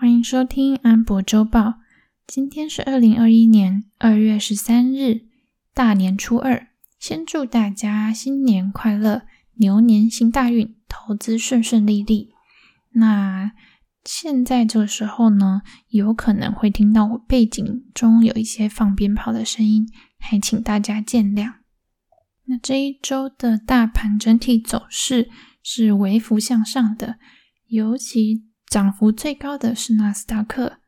歡迎收聽安博週報。今天是二零二一年二月十三日，大年初二。先祝大家新年快樂，牛年行大運，投資順順利利。那現在這個時候呢，有可能會聽到我背景中有一些放鞭炮的聲音，還請大家見諒。那這一週的大盤整體走勢是微幅向上的，尤其，漲幅最高的是納斯達克，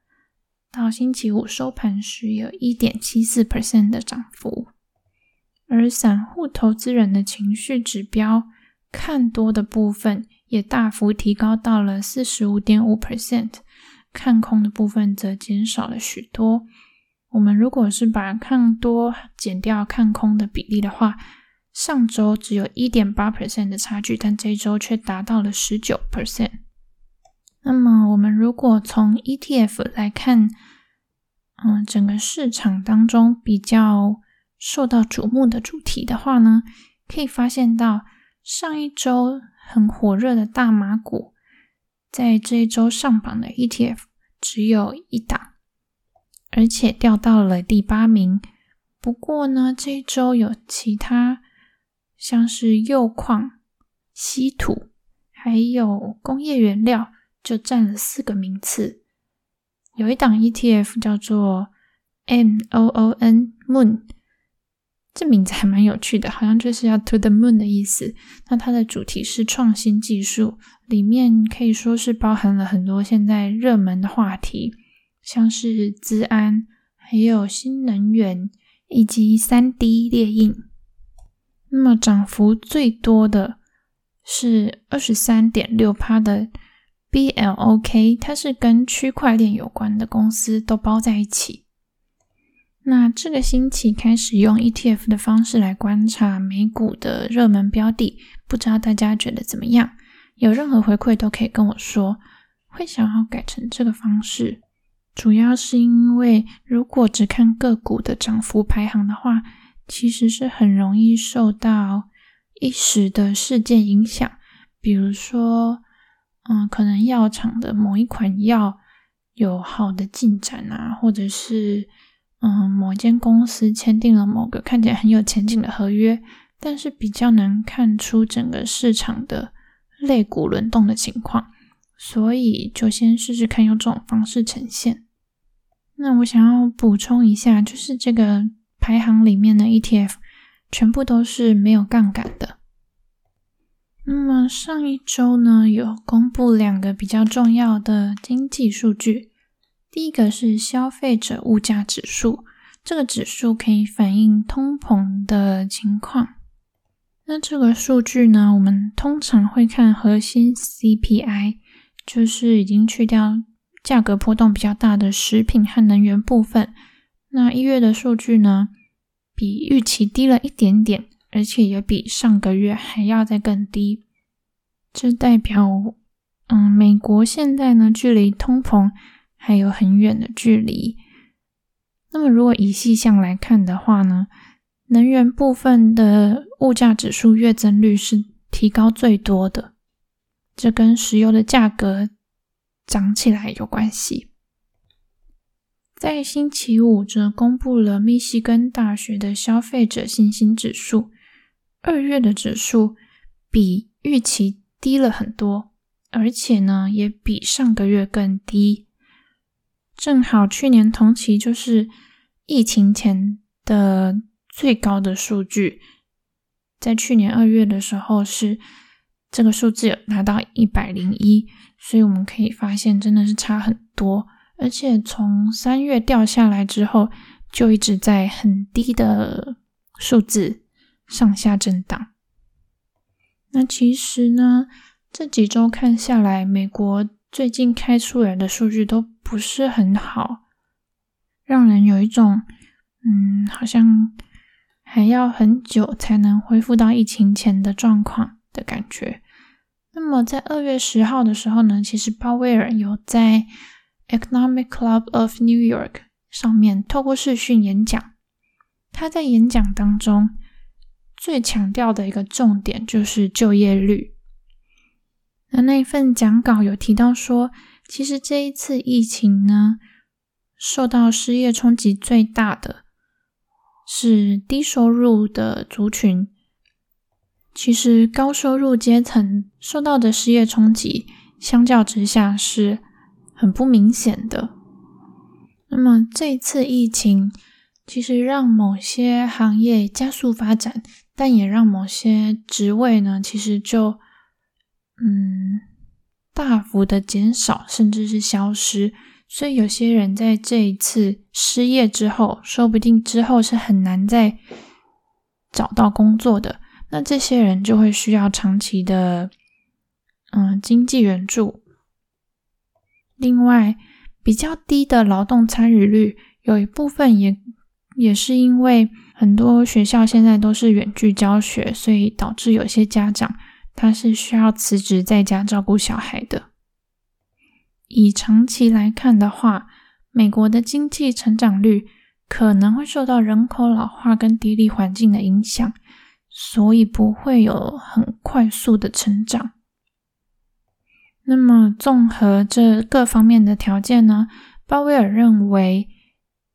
到星期五收盤時有1.74%的漲幅。而散戶投資人的情緒指標，看多的部分也大幅提高到了45.5%，看空的部分則減少了許多。我們如果是把看多減掉看空的比例的話，上周只有一點八%的差距，但這周卻達到了十九%。那麼，我們如果從 ETF 來看，嗯，整個市場當中比較受到矚目的主題的話呢，可以發現到上一周很火熱的大麻股，在這一周上榜的 ETF 只有一檔，而且掉到了第八名。不過呢，這一周有其他像是鈾礦、稀土，還有工業原料。就佔了四個名次，有一檔 ETF 叫做 M O O N Moon，這名字還蠻有趣的，好像就是要 “to the moon” 的意思。那它的主題是創新技術，裡面可以說是包含了很多現在熱門的話題，像是資安、還有新能源以及三 D 列印。那麼漲幅最多的是二十三點六趴的。B L O K，它是跟區塊鏈有關的公司都包在一起。那這個星期開始用 E T F 的方式來觀察美股的熱門標的，不知道大家覺得怎麼樣？有任何回饋都可以跟我說，會想要改成這個方式。主要是因為，如果只看個股的漲幅排行的話，其實是很容易受到一時的事件影響，比如說。嗯，可能藥廠的某一款藥有好的進展啊，或者是嗯某一間公司簽訂了某個看起來很有前景的合約，但是比較難看出整個市場的類股輪動的情況，所以就先試試看用這種方式呈現。那我想要補充一下，就是這個排行裡面的 ETF 全部都是沒有槓桿的。那麼上一周呢，有公布兩個比較重要的經濟數據。第一個是消費者物價指數，這個指數可以反映通膨的情況。那這個數據呢，我們通常會看核心 CPI，就是已經去掉價格波動比較大的食品和能源部分。那一月的數據呢，比預期低了一點點。而且也比上個月還要再更低，這代表，嗯，美國現在呢，距離通膨還有很遠的距離。那麼如果以細項來看的話呢，能源部分的物價指數月增率是提高最多的，這跟石油的價格漲起來有關係。在星期五則公布了密西根大學的消費者信心指數。二月的指數比預期低了很多，而且呢，也比上個月更低。正好去年同期就是疫情前的最高的數據，在去年二月的時候是這個數字有達到一百零一，所以我們可以發現真的是差很多，而且從三月掉下來之後，就一直在很低的數字。上下震盪。那其實呢，這幾週看下來，美國最近開出來的數據都不是很好，讓人有一種嗯，好像還要很久才能恢復到疫情前的狀況的感覺。那麼在二月十號的時候呢，其實鮑威爾有在 Economic Club of New York 上面透過視訊演講，他在演講當中。最強調的一個重點就是就業率。那那份講稿有提到說，其實這一次疫情呢，受到失業衝擊最大的是低收入的族群。其實高收入階層受到的失業衝擊，相較之下是很不明顯的。那麼這一次疫情。其實讓某些行業加速發展，但也讓某些職位呢，其實就嗯大幅的減少，甚至是消失。所以有些人在這一次失業之後，說不定之後是很難再找到工作的。那這些人就會需要長期的嗯經濟援助。另外，比較低的勞動參與率，有一部分也。也是因為很多學校現在都是遠距教學，所以導致有些家長他是需要辭職在家照顧小孩的。以長期來看的話，美國的經濟成長率可能會受到人口老化跟地理環境的影響，所以不會有很快速的成長。那麼，綜合這各方面的條件呢，鮑威爾認為。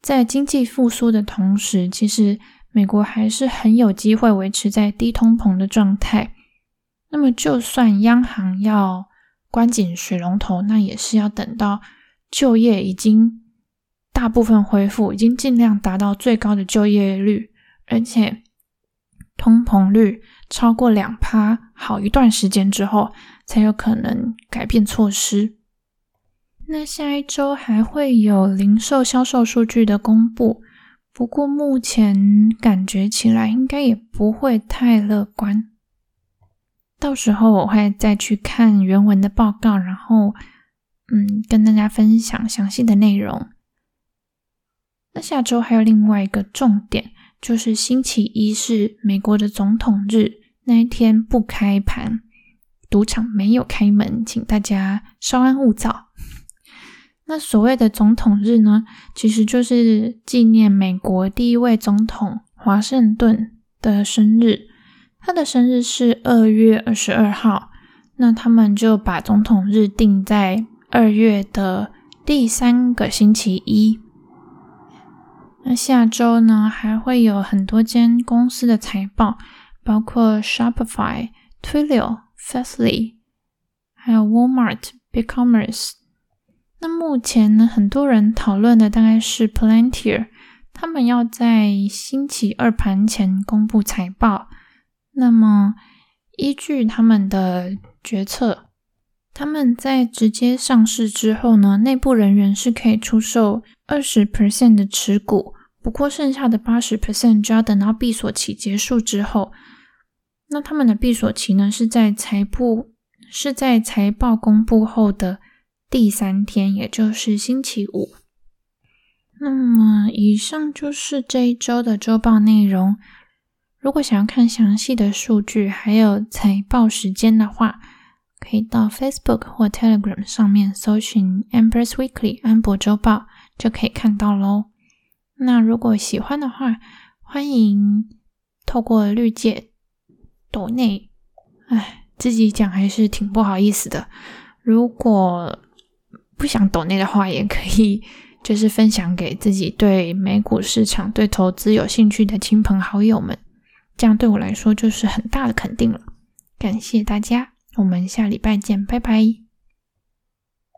在經濟復甦的同時，其實美國還是很有機會維持在低通膨的狀態。那麼，就算央行要關緊水龍頭，那也是要等到就業已經大部分恢復，已經盡量達到最高的就業率，而且通膨率超過兩趴好一段時間之後，才有可能改變措施。那下一週還會有零售銷售數據的公布，不過目前感覺起來應該也不會太樂觀。到時候我會再去看原文的報告，然後嗯跟大家分享詳細的內容。那下週還有另外一個重點，就是星期一是美國的總統日，那一天不開盤，賭場沒有開門，請大家稍安勿躁。那所謂的總統日呢，其實就是紀念美國第一位總統華盛頓的生日。他的生日是二月二十二號，那他們就把總統日定在二月的第三個星期一。那下周呢，還會有很多間公司的財報，包括 Shopify、Twilio、Fastly，還有 Walmart、BigCommerce 那目前呢，很多人討論的大概是 Palantir，他們要在星期二盤前公布財報。那麼，依據他們的決策，他們在直接上市之後呢，內部人員是可以出售二十 percent 的持股，不過剩下的八十 percent，就要等到閉鎖期結束之後，那他們的閉鎖期呢，是在財布是在財報公布後的。第三天，也就是星期五。那麼，以上就是這一周的周報內容。如果想要看詳細的數據，還有財報時間的話，可以到 Facebook 或 Telegram 上面搜尋 “Amber's Weekly” 安博周報，就可以看到嘍。那如果喜歡的話，歡迎透過綠界抖內。哎，自己講還是挺不好意思的。如果不想抖內的話，也可以就是分享給自己對美股市場、對投資有興趣的親朋好友們，這樣對我來說就是很大的肯定了。感謝大家，我們下禮拜見，拜拜。